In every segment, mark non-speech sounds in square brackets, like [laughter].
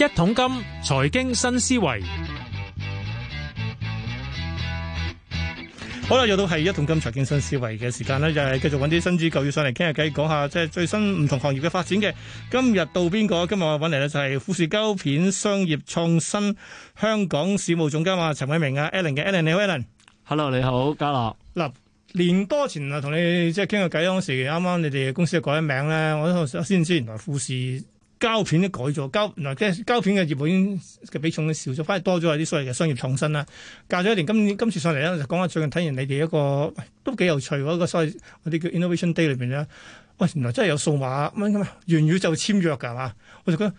一桶金財經新思維，好啦，又到係一桶金財經新思維嘅時間咧，就係繼續揾啲新知舊雨上嚟傾下偈，講下即係最新唔同行業嘅發展嘅。今日到邊個？今日我揾嚟呢就係富士膠片商業創新香港事務總監啊，陳偉明啊，Ellen 嘅 Ellen，你好 Ellen，Hello，你好，嘉樂。嗱，年多前啊，同你即係傾下偈嗰陣時，啱啱你哋公司的改咗名咧，我都先知原來富士。膠片都改咗膠，嗱，即係膠片嘅業務已經嘅比重都少咗，反而多咗有啲所謂嘅商業創新啦。隔咗一年，今今次上嚟咧就講下最近睇完你哋一個都幾有趣嗰個所謂嗰啲叫 Innovation Day 裏邊咧，喂，原來真係有數碼咁樣，元宇宙就簽約噶係嘛？我就覺得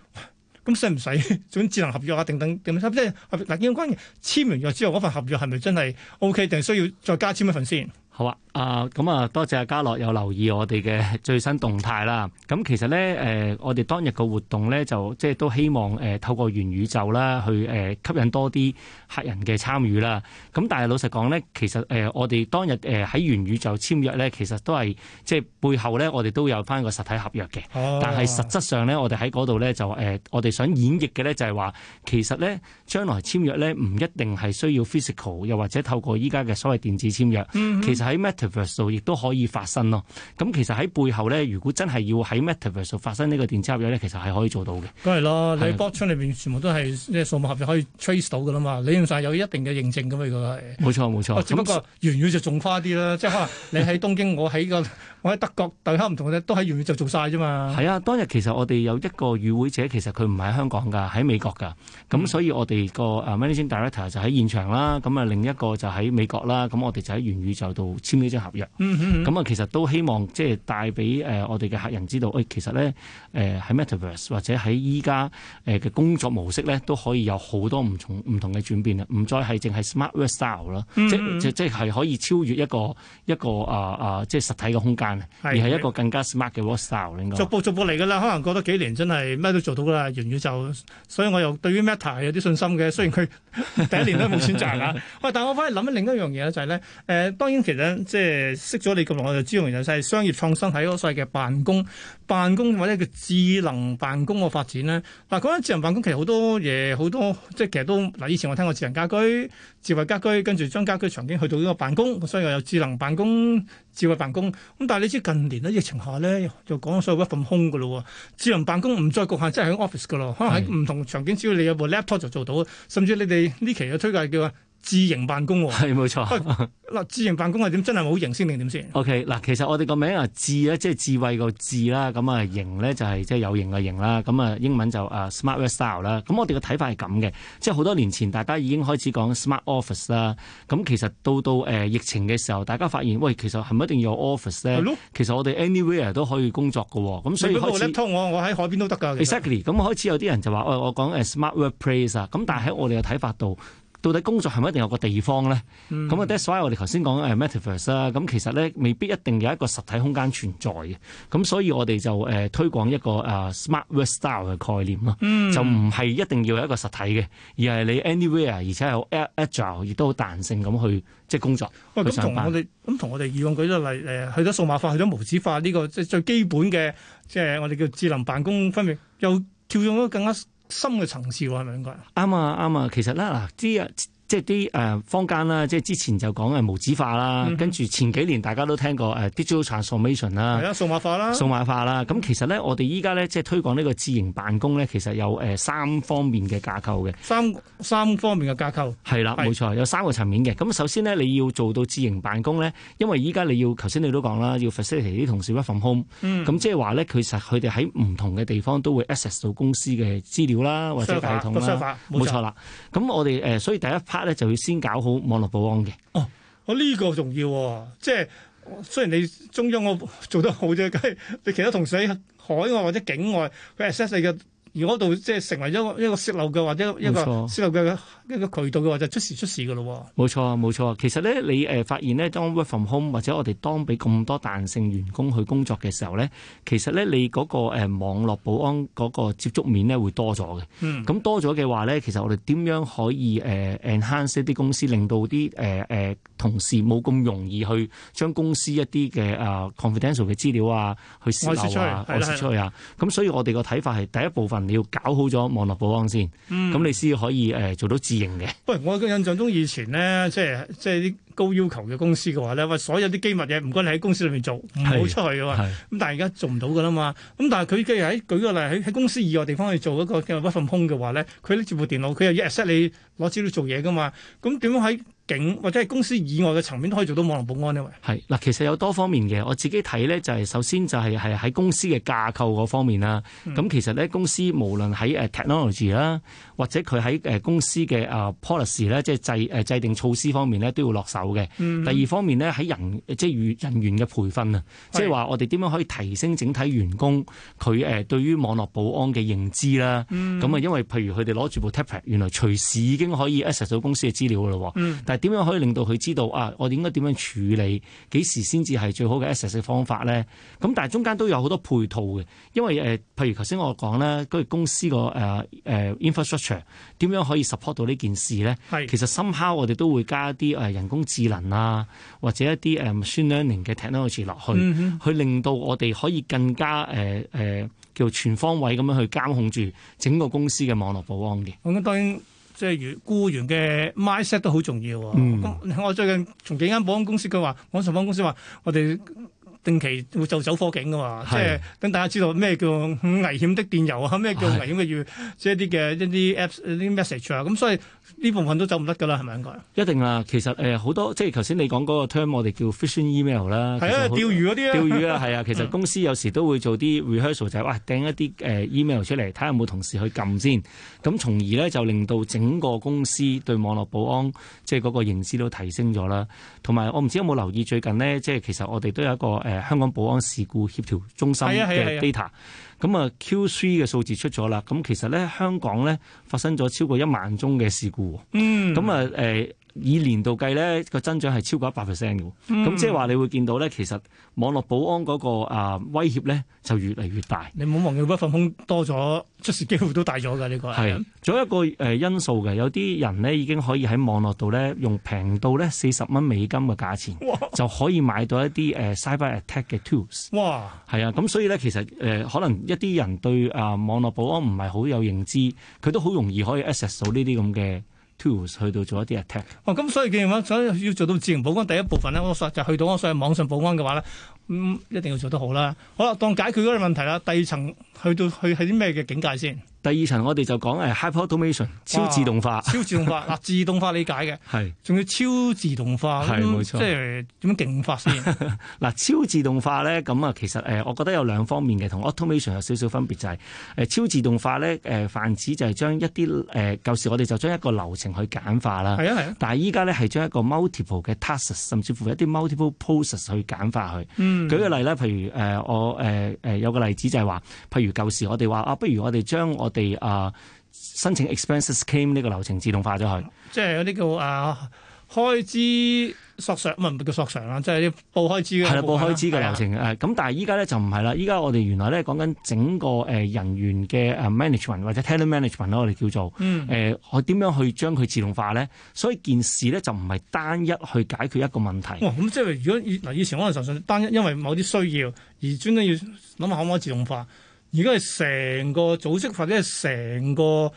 咁使唔使做智能合約啊？定等點樣即係嗱？呢個關鍵簽完約之後嗰份合約係咪真係 OK？定係需要再加簽一份先？好啊。啊，咁啊，多謝阿嘉樂有留意我哋嘅最新動態啦。咁其實咧，誒、呃，我哋當日嘅活動咧，就即係都希望、呃、透過元宇宙啦，去、呃、吸引多啲客人嘅參與啦。咁但係老實講咧，其實誒、呃、我哋當日誒喺、呃、元宇宙簽約咧，其實都係即係背後咧，我哋都有翻個實體合約嘅。Oh. 但係實質上咧，我哋喺嗰度咧就誒、呃，我哋想演繹嘅咧就係話，其實咧將來簽約咧唔一定係需要 physical，又或者透過依家嘅所謂電子簽約。Mm-hmm. 其實喺 met 亦都可以發生咯。咁其實喺背後咧，如果真係要喺 Metaverse 發生呢個電子合約咧，其實係可以做到嘅。梗係咯，你 Box 裏邊全部都係呢個數碼合約可以 trace 到噶啦嘛。理論上有一定嘅認證噶嘛，如果係。冇錯冇錯。只不過元宇宙仲花啲啦，即係可能你喺東京， [laughs] 我喺個我喺德國，地點唔同嘅都喺元宇宙做晒啫嘛。係啊，當日其實我哋有一個與會者，其實佢唔喺香港㗎，喺美國㗎。咁所以我哋個啊 Managing Director 就喺現場啦。咁啊另一個就喺美國啦。咁我哋就喺元宇宙度簽。即係合約，咁、嗯、啊、嗯，其實都希望即係帶俾誒我哋嘅客人知道，誒其實咧誒喺 Metaverse 或者喺依家誒嘅工作模式咧，都可以有好多唔同唔同嘅轉變啊，唔再係淨係 Smart Work Style 啦、嗯，即即即係可以超越一個一個啊啊，即係實體嘅空間，而係一個更加 Smart 嘅 Work Style 應該逐步逐步嚟噶啦，可能過多幾年真係咩都做到啦，元宇宙就所以我又對於 Meta 係有啲信心嘅，雖然佢第一年都冇選擇啦，喂， [laughs] 但我反而諗緊另一樣嘢咧就係、是、咧，誒、呃、當然其實即係。即係識咗你咁耐，我就知道就係商業創新喺嗰世嘅辦公、辦公或者叫智能辦公嘅發展咧。嗱，講緊智能辦公其實好多嘢，好多即係其實都嗱。以前我聽過智能家居、智慧家居，跟住將家居場景去到呢個辦公，所以又有智能辦公、智慧辦公。咁但係你知近年咧疫情下咧，就講咗所謂 work from home 噶啦。智能辦公唔再局限即係喺 office 噶啦，可能喺唔同場景，只要你有部 laptop 就做到。甚至你哋呢期嘅推介叫。智型辦公係、哦、冇錯、哎。嗱， [laughs] 智型辦公係點？真係冇型先定點先？O K，嗱，okay, 其實我哋個名啊，智咧，即係智慧個智啦，咁啊，型咧就係即係有型嘅型啦。咁啊，英文就誒、是、smart work style 啦。咁我哋嘅睇法係咁嘅，即係好多年前大家已經開始講 smart office 啦。咁其實到到誒疫情嘅時候，大家發現喂，其實係咪一定要有 office 咧？其實我哋 anywhere 都可以工作噶。咁所以開始通我，我喺海邊都得噶。Exactly。咁開始有啲人就話我 place, 我講 smart workplace 啊。咁但係喺我哋嘅睇法度。到底工作係咪一定有一個地方咧？咁啊 despite 我哋頭先講 metaverse 啦。咁其實咧未必一定有一個實體空間存在嘅。咁所以我哋就推廣一個 smart work style 嘅概念咯、嗯，就唔係一定要有一個實體嘅，而係你 anywhere，而且有好 agile 亦都好彈性咁去即係工作。喂，咁同我哋咁同我哋以往舉咗例去咗數碼化，去咗無紙化呢個即係最基本嘅，即係我哋叫智能辦公分別，又跳用咗更加。深嘅層次係咪應該啱啊？啱啊，其實咧嗱，知啊。即係啲誒坊間啦，即係之前就講係無紙化啦，跟、嗯、住前幾年大家都聽過誒 digital transformation 啦、嗯，係啊，數碼化啦，數碼化啦。咁其實咧，我哋依家咧即係推廣呢個智型辦公咧，其實有誒三方面嘅架構嘅。三三方面嘅架構係啦，冇錯，有三個層面嘅。咁首先咧，你要做到智型辦公咧，因為依家你要頭先你都講啦，要 facilitate 啲同事 work from home。嗯。咁即係話咧，其實佢哋喺唔同嘅地方都會 access 到公司嘅資料啦，或者系統啦，冇錯啦。咁我哋誒所以第一 part，咧就要先搞好網絡保安嘅。哦、啊，我、這、呢個重要、啊，即係雖然你中央我做得好啫，但係你其他同事喺海外或者境外佢 access 你嘅。而嗰度即係成為咗一個一個洩漏嘅，或者一個洩漏嘅一個渠道嘅話，就出事出事嘅咯。冇錯啊冇錯啊，其實咧你誒發現咧，當 work from home 或者我哋當俾咁多彈性員工去工作嘅時候咧，其實咧你嗰個誒網絡保安嗰個接觸面咧會多咗嘅。嗯。咁多咗嘅話咧，其實我哋點樣可以誒 enhance 啲公司，令到啲誒誒同事冇咁容易去將公司一啲嘅誒 confidential 嘅資料啊去洩漏啊洩漏出去啊。咁所以我哋個睇法係第一部分。你要搞好咗網絡保安先，咁、嗯、你先可以誒、呃、做到自認嘅。不，我嘅印象中以前咧，即係即係啲高要求嘅公司嘅話咧，話所有啲機密嘢唔該你喺公司裏面做，唔好出去嘅喎。咁但係而家做唔到嘅啦嘛。咁但係佢嘅喺舉個例喺喺公司以外地方去做嘅一個叫不放空嘅話咧，佢拎住部電腦，佢又要 set 你攞資料做嘢嘅嘛。咁點樣喺？或者係公司以外嘅層面都可以做到網絡保安咧，係嗱，其實有多方面嘅。我自己睇咧就係首先就係係喺公司嘅架構嗰方面啦。咁、嗯、其實咧公司無論喺誒 technology 啦。或者佢喺誒公司嘅啊 policy 咧，即係制誒制定措施方面咧，都要落手嘅。Mm -hmm. 第二方面咧，喺人即係員人員嘅培訓啊，即係話我哋點樣可以提升整體員工佢誒對於網絡保安嘅認知啦。咁啊，因為譬如佢哋攞住部 tablet，原來隨時已經可以 access 到公司嘅資料噶咯。Mm -hmm. 但係點樣可以令到佢知道啊？我哋應該點樣處理？幾時先至係最好嘅 access 嘅方法咧？咁但係中間都有好多配套嘅，因為誒、呃、譬如頭先我講啦，嗰個公司個誒誒 infrastructure。點樣可以 support 到呢件事咧？其實 somehow 我哋都會加一啲誒人工智能啊，或者一啲誒 machine learning 嘅 technology 落去，嗯，去令到我哋可以更加誒誒、呃呃、叫全方位咁樣去監控住整個公司嘅網絡保安嘅。咁、嗯、當然即係如雇員嘅 mindset 都好重要，啊。咁我，我最近從幾間保安公司佢話，我保，保安公司話我哋。定期會就走火警噶嘛，是即係等大家知道咩叫危險的電郵啊，咩叫危險嘅嘢，即係啲嘅一啲 apps、啲 message 啊，咁所以呢部分都走唔得噶啦，係咪應該？一定啦，其實誒好、呃、多即係頭先你講嗰個 term，我哋叫 phishing email 啦。係啊，釣魚嗰啲啊，釣魚啊，係啊，其實公司有時都會做啲 rehearsal 就係哇掟一啲 email 出嚟，睇下有冇同事去撳先，咁從而咧就令到整個公司對網絡保安即係嗰個認知都提升咗啦。同埋我唔知有冇留意最近呢，即係其實我哋都有一個，誒香港保安事故協調中心嘅 data，咁啊，啊，啊 Q3 嘅數字出咗啦，咁其實咧香港咧發生咗超過一萬宗嘅事故，嗯，咁啊誒。呃以年度計咧，個增長係超過一百 percent 嘅。咁、嗯、即係話，你會見到咧，其實網絡保安嗰、那個啊威脅咧就越嚟越大。你唔好忘記不份工多咗，出事機會都大咗㗎呢個。係仲、啊、有一個、呃、因素嘅，有啲人咧已經可以喺網絡度咧用平到咧四十蚊美金嘅價錢就可以買到一啲、啊、cyber attack 嘅 tools。哇！係啊，咁、嗯、所以咧，其實、呃、可能一啲人對啊網絡保安唔係好有認知，佢都好容易可以 access 到呢啲咁嘅。去到做一啲 attack，哦，咁所以既然話所以要做到智能保安，第一部分咧，我實就去到我所以網上保安嘅話咧。嗯、一定要做得好啦。好啦，當解決嗰個問題啦。第二層去到去係啲咩嘅境界先？第二層我哋就講係、uh, hyperautomation，超自動化，超自動化。嗱 [laughs] 自動化理解嘅，係，仲要超自動化，係，冇錯，嗯、即係點樣勁法先？嗱， [laughs] 超自動化咧，咁啊，其實我覺得有兩方面嘅，同 automation 有少少分別，就係、是、超自動化咧，誒、呃、泛指就係將一啲誒舊時我哋就將一個流程去簡化啦。係啊，係啊。但係依家咧係將一個 multiple 嘅 tasks，甚至乎一啲 multiple processes 去簡化佢。嗯舉個例咧，譬如誒我誒、呃呃、有個例子就係話，譬如舊時我哋話啊，不如我哋將我哋啊申請 expenses claim 呢個流程自動化咗佢，即係有啲叫啊。開支索償，唔係叫索償啦，即係啲報開支嘅係啦，報開支嘅流程，誒咁。但係依家咧就唔係啦，依家我哋原來咧講緊整個誒人員嘅誒 management 或者 tender management 啦，我哋叫做，嗯誒我點樣去將佢自動化咧？所以件事咧就唔係單一去解決一個問題。哇！咁即係如果嗱以前可能純粹單一，因為某啲需要而專登要諗下可唔可以自動化。而家係成個組織或者係成個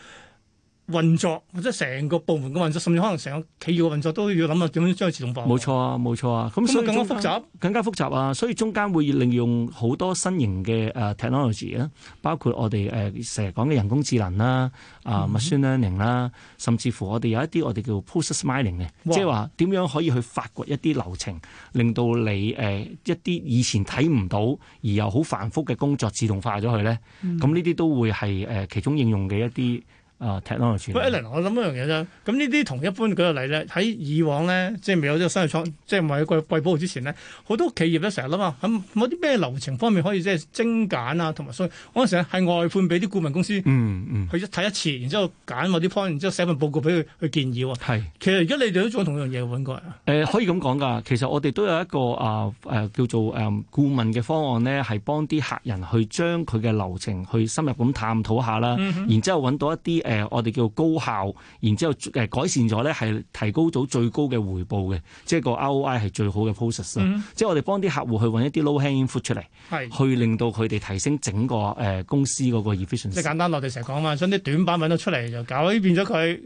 運作或者成個部門嘅運作，甚至可能成個企業嘅運作都要諗下點樣將佢自動化？冇錯啊，冇錯啊。咁所以那更加複雜，更加複雜啊！所以中間會利用好多新型嘅誒、uh, technology 啊，包括我哋誒成日講嘅人工智能啦，啊、uh, machine learning 啦、嗯，甚至乎我哋有一啲我哋叫 process mining 嘅，即係話點樣可以去發掘一啲流程，令到你誒、uh, 一啲以前睇唔到而又好繁複嘅工作自動化咗佢咧。咁呢啲都會係誒、uh, 其中應用嘅一啲。啊、uh, like.！喂，Allen，我諗一樣嘢啫。咁呢啲同一般舉個例咧，喺以往呢，即係未有呢個商業，即係未喺貴貴寶號之前呢，好多企業咧成日諗啊，咁有啲咩流程方面可以即係精簡啊，同埋所以嗰陣時係外判俾啲顧問公司，去一睇一次，mm -hmm. 然之後揀某啲 point 然之後寫份報告俾佢去建議喎。Mm -hmm. 其實而家你哋都做緊同樣嘢嘅，揾過？誒，可以咁講㗎。其實我哋都有一個啊誒、呃、叫做誒顧、呃、問嘅方案呢，係幫啲客人去將佢嘅流程去深入咁探討下啦，mm -hmm. 然之後揾到一啲誒、呃，我哋叫高效，然之後誒、呃、改善咗咧，係提高到最高嘅回報嘅，即係個 ROI 係最好嘅 process 啦、嗯。即係我哋幫啲客戶去揾一啲 low hanging fruit 出嚟，係去令到佢哋提升整個誒、呃、公司嗰個 efficiency。即係簡單，我哋成日講啊嘛，將啲短板揾到出嚟就搞了，變咗佢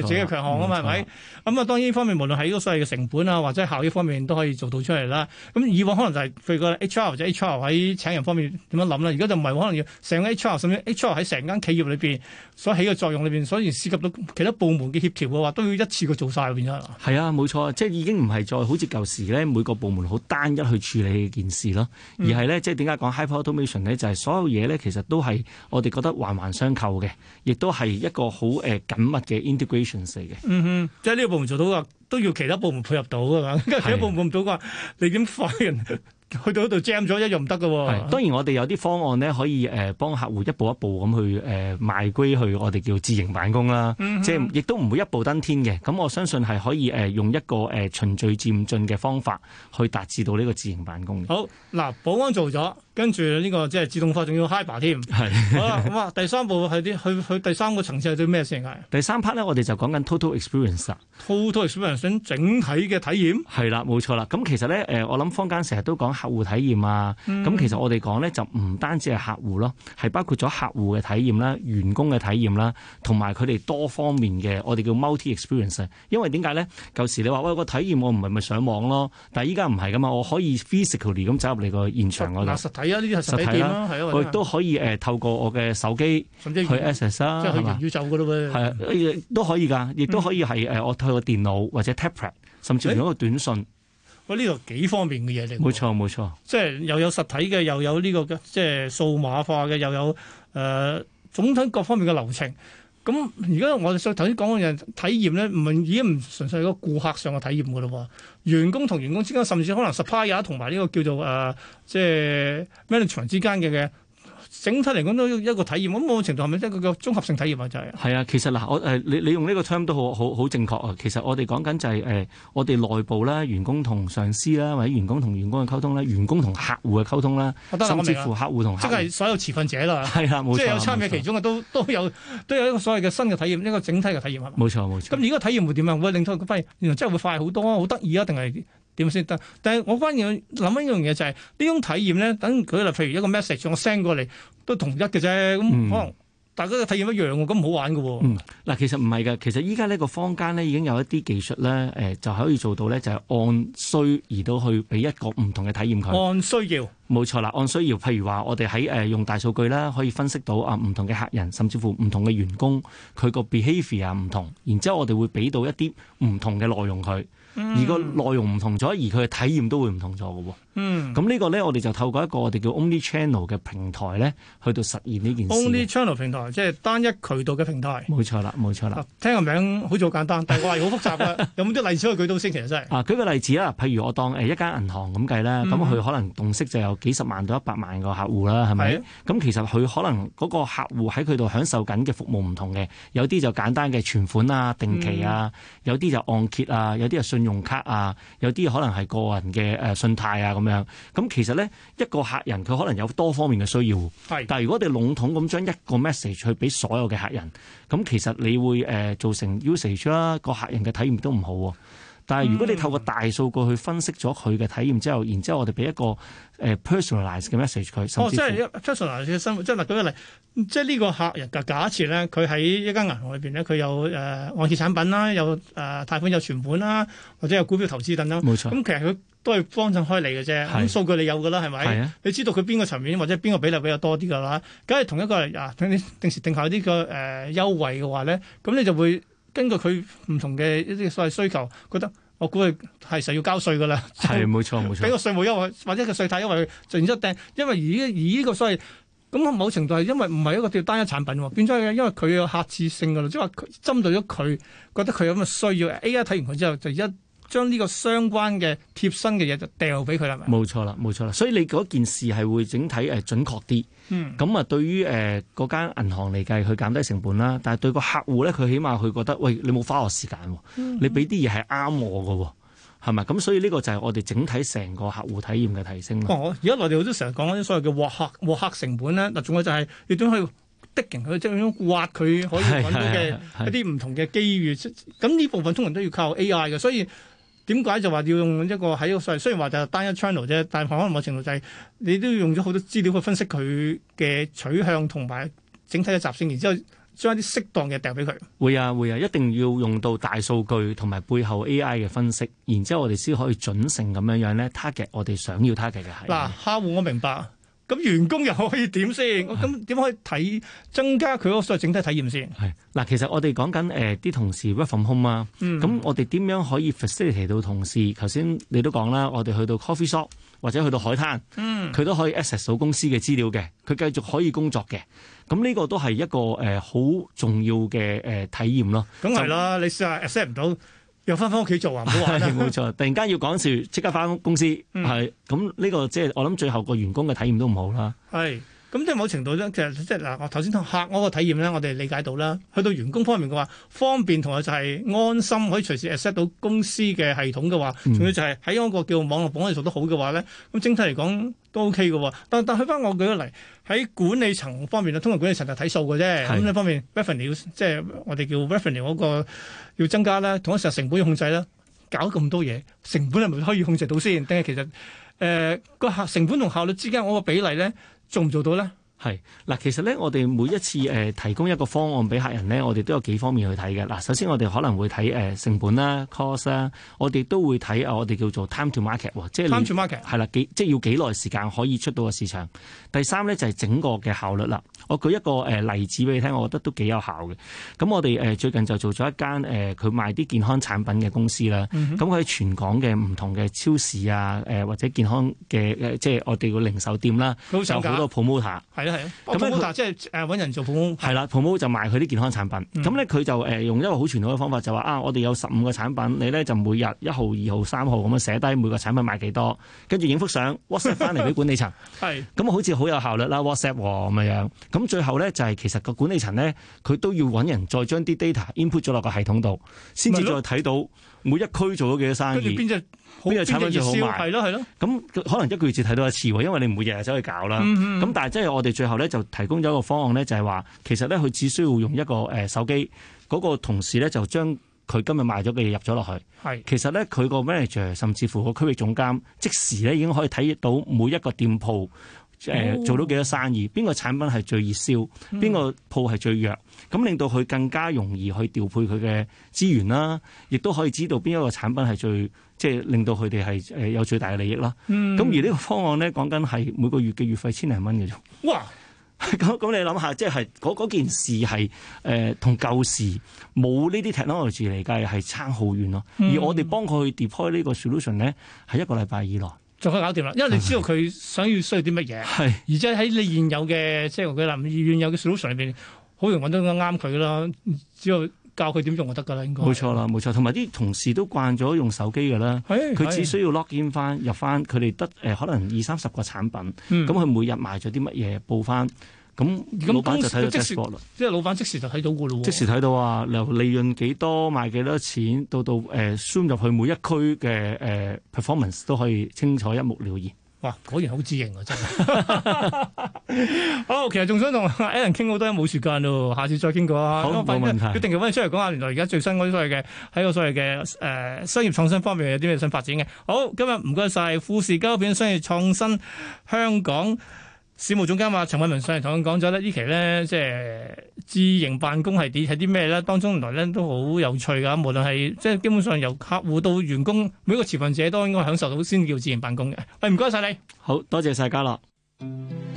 自己嘅強項啊嘛，係咪？咁啊、嗯，當然呢方面無論喺呢個所謂嘅成本啊，或者效益方面都可以做到出嚟啦。咁、嗯、以往可能就係譬如個 HR 或者 HR 喺請人方面點樣諗啦，而家就唔係可能要成個 HR 甚至 HR 喺成間企業裏邊所起作用裏邊，所以涉及到其他部門嘅協調嘅話，都要一次過做晒。變咗係啊，冇錯，即係已經唔係再好似舊時咧每個部門好單一去處理件事咯，而係咧、嗯、即係點解講 hyperautomation 咧，就係、是、所有嘢咧其實都係我哋覺得環環相扣嘅，亦都係一個好誒、呃、緊密嘅 integration 嚟嘅。嗯哼，即係呢個部門做到㗎，都要其他部門配合到㗎嘛，其他部門做唔到嘅、啊、你點快？去到度 jam 咗，一樣唔得噶。當然我哋有啲方案咧，可以誒幫客戶一步一步咁去誒賣歸去，我哋叫智型辦公啦。即係亦都唔會一步登天嘅。咁我相信係可以誒用一個誒循序漸進嘅方法去達至到呢個智型辦公。好嗱，保安做咗，跟住呢個即係自動化，仲要 hyper 添。係啊，咁啊， [laughs] 第三步係啲去佢第三個層次係啲咩先？第三 part 咧，我哋就講緊 total experience。total experience 整體嘅體驗係啦，冇錯啦。咁其實咧，誒我諗坊間成日都講。客戶體驗啊，咁、嗯、其實我哋講咧就唔單止係客戶咯，係包括咗客戶嘅體驗啦、員工嘅體驗啦，同埋佢哋多方面嘅我哋叫 multi experience。因為點解咧？舊時你話喂個體驗我唔係咪上網咯？但係依家唔係噶嘛，我可以 physically 咁走入嚟個現場度，實體啊，呢啲係實體店、啊啊啊、我亦都可以誒、呃、透過我嘅手機、啊，甚至去 ASUS 啦，即係去元宇宙噶嘞喎。係啊，都可以㗎，亦都可以係誒、嗯呃、我透過電腦或者 tablet，甚至用一個短信。欸喂、這個，呢度幾方面嘅嘢嚟，冇錯冇錯，即係又有實體嘅，又有呢、這個即係數碼化嘅，又有誒、呃、總體各方面嘅流程。咁而家我哋頭先講嘅嘢體驗咧，唔係已經唔純粹係個顧客上嘅體驗㗎咯喎，員工同員工之間，甚至可能 supplier 同埋呢個叫做誒、呃、即係 management 之間嘅嘅。整體嚟講都一個體驗，咁某程度係咪一個叫綜合性體驗啊？就係、是、係啊，其實嗱，我誒你你用呢個 term 都好好好正確啊。其實我哋講緊就係誒，我哋內部啦，員工同上司啦，或者員工同員工嘅溝通啦、員工同客戶嘅溝通啦，甚至乎客戶同客即係所有持份者啦，係啦、啊，即係、就是、有參與其中嘅都都有都有一個所謂嘅新嘅體驗，一個整體嘅體驗冇錯冇錯。咁而家個體驗會點啊？會令到佢發現，原來真係會快好多很啊！好得意啊，定係？點先得？但係我反而諗一樣嘢就係、是、呢種體驗咧，等佢嚟，譬如一個 message 我 send 過嚟都同一嘅啫，咁可能大家嘅體驗一樣喎，咁、嗯、唔好玩㗎喎。嗱其實唔係嘅，其實依家呢個坊間咧已經有一啲技術咧，誒就可以做到咧，就係按需而到去俾一個唔同嘅體驗佢。按需要，冇錯啦，按需要，譬如話我哋喺誒用大數據啦，可以分析到啊唔同嘅客人，甚至乎唔同嘅員工，佢個 behaviour 唔同，然之後我哋會俾到一啲唔同嘅內容佢。而個內容唔同咗，而佢嘅體驗都會唔同咗嘅喎。嗯。咁呢個咧，我哋就透過一個我哋叫 Only Channel 嘅平台咧，去到實現呢件事。Only Channel 平台即係單一渠道嘅平台。冇錯啦，冇錯啦。聽個名好似好簡單， [laughs] 但係我係好複雜嘅。有冇啲例子去舉到先？其實真係。啊，舉個例子啦，譬如我當誒一間銀行咁計啦，咁、嗯、佢可能動息就有幾十萬到一百萬個客戶啦，係咪？咁、啊、其實佢可能嗰個客戶喺佢度享受緊嘅服務唔同嘅，有啲就簡單嘅存款啊、定期啊，嗯、有啲就按揭啊，有啲就信、啊。用卡啊，有啲可能係個人嘅誒信貸啊咁樣，咁其實咧一個客人佢可能有多方面嘅需要，係，但係如果你籠統咁將一個 message 去俾所有嘅客人，咁其實你會誒造成 usage 啦，個客人嘅體驗都唔好喎。但係如果你透過大數據去分析咗佢嘅體驗之後，然之後我哋俾一個、呃、personalized 嘅 message 佢，甚至乎哦，即係 personalize 嘅生活，即係嗱舉個例，即係呢個客人嘅假設咧，佢喺一間銀行裏面咧，佢有誒按揭產品啦，有誒、呃、貸款有存款啦，或者有股票投資等等，冇錯。咁其實佢都係幫襯開嚟嘅啫。咁數據你有噶啦，係咪？係啊。你知道佢邊個層面或者邊個比例比較多啲㗎啦，梗係同一個啊，等你定時定下啲個誒優惠嘅話咧，咁你就會。根據佢唔同嘅一啲所謂需求，覺得我估佢係實要交稅噶啦，係冇錯冇錯，俾個稅務優惠或者個稅太優惠，然之後訂，因為而而呢個所謂咁喺某程度係因為唔係一個叫單一產品，變咗係因為佢有客製性噶啦，即係話佢針對咗佢覺得佢有咁嘅需要，A 一睇完佢之後就一。將呢個相關嘅貼身嘅嘢就掉俾佢啦，冇錯啦，冇錯啦。所以你嗰件事係會整體誒準確啲。咁、嗯、啊，對於誒嗰間銀行嚟計，佢減低成本啦。但係對個客戶咧，佢起碼佢覺得，喂，你冇花我時間，你俾啲嘢係啱我㗎喎，係、嗯、咪？咁所以呢個就係我哋整體成個客戶體驗嘅提升咯。而家內地好多成日講緊啲所謂嘅獲客獲客成本咧，嗱，仲有就係你點去的型佢即係挖佢可以揾、就是、到嘅一啲唔同嘅機遇。咁呢部分通常都要靠 AI 嘅，所以。點解就話要用一個喺一個雖然話就係單一 channel 啫，但係可能某程度就係你都要用咗好多資料去分析佢嘅取向同埋整體嘅習性，然之後將一啲適當嘅掟俾佢。會啊，會啊，一定要用到大數據同埋背後 AI 嘅分析，然之後我哋先可以準成咁樣樣咧 target 我哋想要 target 嘅係。嗱，客戶我明白。咁員工又可以點先？咁點可以睇增加佢嗰個整體體驗先？嗱，其實我哋講緊啲同事 work from home 啊，咁、嗯、我哋點樣可以 facilitate 到同事？頭先你都講啦，我哋去到 coffee shop 或者去到海灘，佢、嗯、都可以 access 到公司嘅資料嘅，佢繼續可以工作嘅。咁呢個都係一個好、呃、重要嘅誒體驗咯。咁係啦，你試下 accept 唔到。又翻返屋企做啊，唔好玩啦！係，冇錯，突然間要講笑，即刻翻公司，係咁呢個即係我諗最後個員工嘅體驗都唔好啦。係。咁即係某程度咧，即係即係嗱，頭先客嗰個體驗咧，我哋理解到啦。去到員工方面嘅話，方便同埋就係安心，可以隨時 access 到公司嘅系統嘅話，仲、嗯、要就係喺嗰個叫網絡保安做得好嘅話咧。咁整體嚟講都 OK 嘅喎。但但去翻我舉個例，喺管理層方面咧，通常管理層就睇數嘅啫。咁呢方面 revenue 即係我哋叫 revenue 嗰個要增加啦，同一時候成本要控制啦。搞咁多嘢，成本係咪可以控制到先？定係其實誒個、呃、成本同效率之間嗰個比例咧？做唔做到咧？係嗱，其實咧，我哋每一次誒提供一個方案俾客人咧，我哋都有幾方面去睇嘅。嗱，首先我哋可能會睇誒成本啦、cost 啦，我哋都會睇啊，我哋叫做 time to market 即係 time to market 係，啦，即係要幾耐時間可以出到個市場。第三咧就係整個嘅效率啦。我舉一個誒例子俾你聽，我覺得都幾有效嘅。咁我哋誒最近就做咗一間誒佢賣啲健康產品嘅公司啦。咁佢喺全港嘅唔同嘅超市啊，誒或者健康嘅誒，即係我哋嘅零售店啦，有好多 promoter 係啊。咁、啊啊、即係誒，搵人做 promo 係啦，promo 就賣佢啲健康產品。咁、嗯、咧，佢就誒用一個好傳統嘅方法，就話啊，我哋有十五個產品，你咧就每日一號、二號、三號咁樣寫低每個產品賣幾多，跟住影幅相，WhatsApp 翻嚟俾管理層。係， [laughs] 咁好似好有效率啦，WhatsApp 咁、啊、樣。咁最後咧就係、是、其實個管理層咧，佢都要搵人再將啲 data input 咗落個系統度，先至再睇到每一區做咗幾多生意。 [laughs] 邊個產品最好賣？係咯係咯，咁可能一個月只睇到一次喎，因為你唔會日日走去搞啦。咁、嗯嗯、但係即係我哋最後咧就提供咗一個方案咧，就係話其實咧佢只需要用一個誒手機，嗰、嗰個同事咧就將佢今日賣咗嘅嘢入咗落去。係其實咧佢個 manager 甚至乎個區域總監即時咧已經可以睇到每一個店鋪。誒做到幾多生意？邊個產品係最熱銷？邊個鋪係最弱？咁令到佢更加容易去調配佢嘅資源啦，亦都可以知道邊一個產品係最即係令到佢哋係誒有最大嘅利益啦。咁、嗯、而呢個方案咧，講緊係每個月嘅月費千零蚊嘅啫。哇！咁 [laughs] 咁你諗下，即係嗰件事係誒同舊時冇呢啲 technology 嚟計，係差好遠咯。而我哋幫佢去 deploy 這個呢個 solution 咧，係一個禮拜以內。就可以搞掂啦，因為你知道佢想要需要啲乜嘢，而且喺你現有嘅即係佢話現有嘅 solution 裏面，好容易搵到個啱佢啦，只要教佢點用就得㗎啦，應該。冇錯啦，冇錯。同埋啲同事都慣咗用手機㗎啦，佢只需要 login 翻入翻，佢哋得誒可能二三十個產品，咁、嗯、佢每日賣咗啲乜嘢報翻。咁、嗯，老闆就睇到即時，即係老闆即時就睇到噶咯喎。即時睇到啊，嗱，利潤幾多，賣幾多錢，到到誒 zoom 入去每一區嘅誒 performance 都可以清楚一目了然。哇，果然好智型啊，真係。好、 [laughs] [laughs] [laughs] 哦，其實仲想同 Alan 傾好多，因為冇時間咯。下次再傾過啊。好，冇問題。佢定期揾你出嚟講下，原來而家最新嗰啲所謂嘅喺個所謂嘅誒商業創新方面有啲咩新發展嘅。好，今日唔該曬富士膠片商業創新香港。市務總監話：陳偉明上嚟同我講咗咧，期呢期咧即係智型辦公係點係啲咩咧？當中原來咧都好有趣，噶無論係即係基本上由客戶到員工，每一個持份者都應該享受到先叫智型辦公嘅。喂，唔該晒你，好多謝晒嘉樂。